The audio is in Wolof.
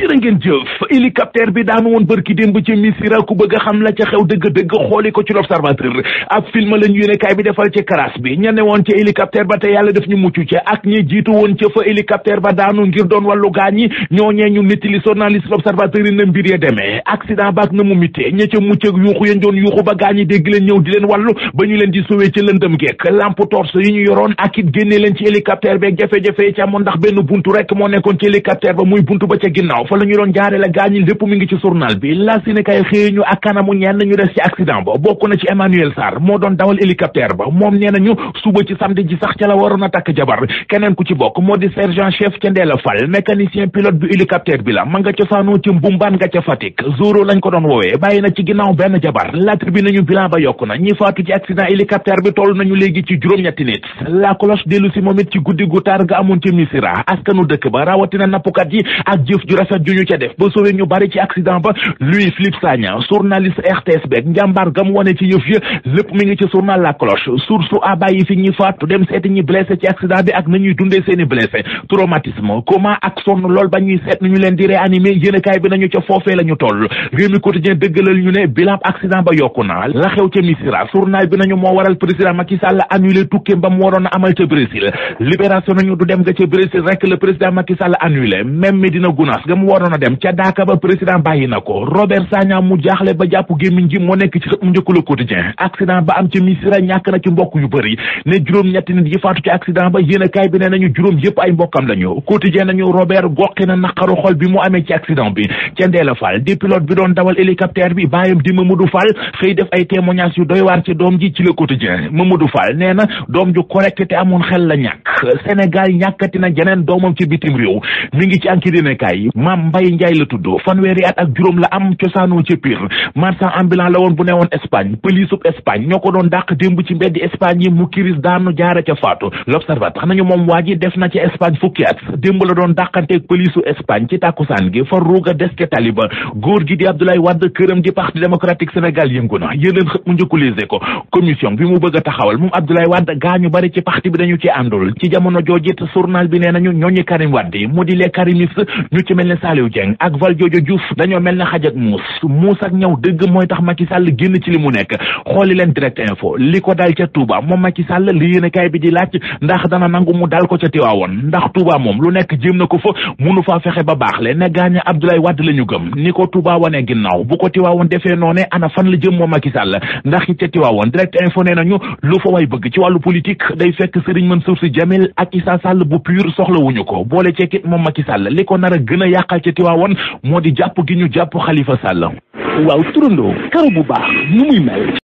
jërë ngeen jëf hélicoptère bi daanu woon bërki démb ca Misira ku bëgg a xam la ca xew dëgg-dëgg xooli ko ci l'observateur ab film lañu yéene bi defal ci crash bi ña ne woon ca hélicoptère ba te yàlla def ñu mucc ca ak ñi jiitu woon ca fa hélicoptère ba daanu ngir doon wàllu gaañ yi ñooñee ñu nettali journaliste l'observateur yi na mbir ya demee accident baak na mu mittee ña ca mucc ak yuuxu yañ doon yuuxu ba gaañ yi dégg leen ñëw di leen wàllu ñu leen di sowee ca lëndëm geek ñu yoroon ak it génnee leen ci hélicoptère beeg jafe-jafe rek moo nekkoon ci hélicoptère ba muy buntu ba ca ginnaaw waaw fa la doon jaare la gaañi lépp mi ngi ci journal bi la si ne ñu ak kanamu ñenn ñu des ci accident ba bokk na ci Emmanuel Sarr moo doon dawal hélicoptère ba moom nee nañu suba ci samedi ji sax ca la waroon a takk jabar keneen ku ci bokk moo di sergent chef ca Ndeela Fall mécanicien pilote bu hélicoptère bi la ma nga cosaanoo ci mbumbaan nga ca Fatick zoro lañ ko doon woowee bàyyi na ci ginnaaw benn jabar laajte bi nañu bilan ba yokk na ñi rafet ju ñu ca def ba sauvé ñu bari ci accident ba Louis Philippe Sagna journaliste RTS beeg njàmbaar gam wane ci yëf ya lépp mi ngi ci journal La Cloche source a bàyyi fi ñi faatu dem seeti ñi blessé ci accident bi ak nañuy dundee seeni blessé traumatisme comment ak sonn lool ba ñuy seet ñu leen di réanimer yéenekaay bi nañu ca foofee la toll réew mi quotidien dëggalal ñu ne bilan accident ba yokku na la xew ca Missira journal bi nañu moo waral a mu waroon a dem ca daaka ba président bàyyi na ko Robert Sagna mu jaaxle ba jàpp gémmiñ gi moo nekk ci mu njëkk Le Quotidien ba am ca Missira ñàkk na ci mbokk yu bëri ne juróom-ñetti nit yi faatu ci accident ba yéen a kaay bi ne nañu juróom yëpp ay mbokkam lañu Quotidien nañu Robert goqi na naqaru xol bi mu amee ci accident bi ca Ndeela Fall di pilote bi doon dawal hélicoptère bi baayam di Mamadou Fall xëy def ay témoignage yu doy waar ci doom maam mbay njaay la tudd fanweeri at ak juróom la am cosaanoo ca Pire marchand ambulant la woon bu ne woon Espagne pëlisub Espagne ñoo ko doon dàq démb ci mbeddi Espagne yi mu kiris daanu jaare ca faatu l'observateur nañu moom waa ji def na ca Espagne fukki at démb la doon dàqanteeg pëlisu Espagne ci tàkkusaan gi fa ruuga des ca taliba góor gi di Abdoulaye Wade këram di parti démocratique Sénégal yëngu na yéneen xët mu njëkkulise ko commission a Saliou Dieng ak Valdiodio Diouf dañoo mel na xaj ak muus muus ak ñaw dëgg mooy tax Macky Sall génn ci li mu nekk xooli leen direct info li ko dal ca Touba moom Macky Sall li yéen kaay na ko fa munu ba baax le ne gaañ Abdoulaye Wade la ñu gëm ni ko Touba wane ginnaaw bu ko Tiwaawoon defee noone ana fan la jëm ci wàllu ko boole cekkit moom Macky li ko nar a gën a yàq jaaxal ci Tiwaawoon moo di jàpp gi ñu jàpp Xalifa Sàll waaw turandoo karo bu baax nu muy mel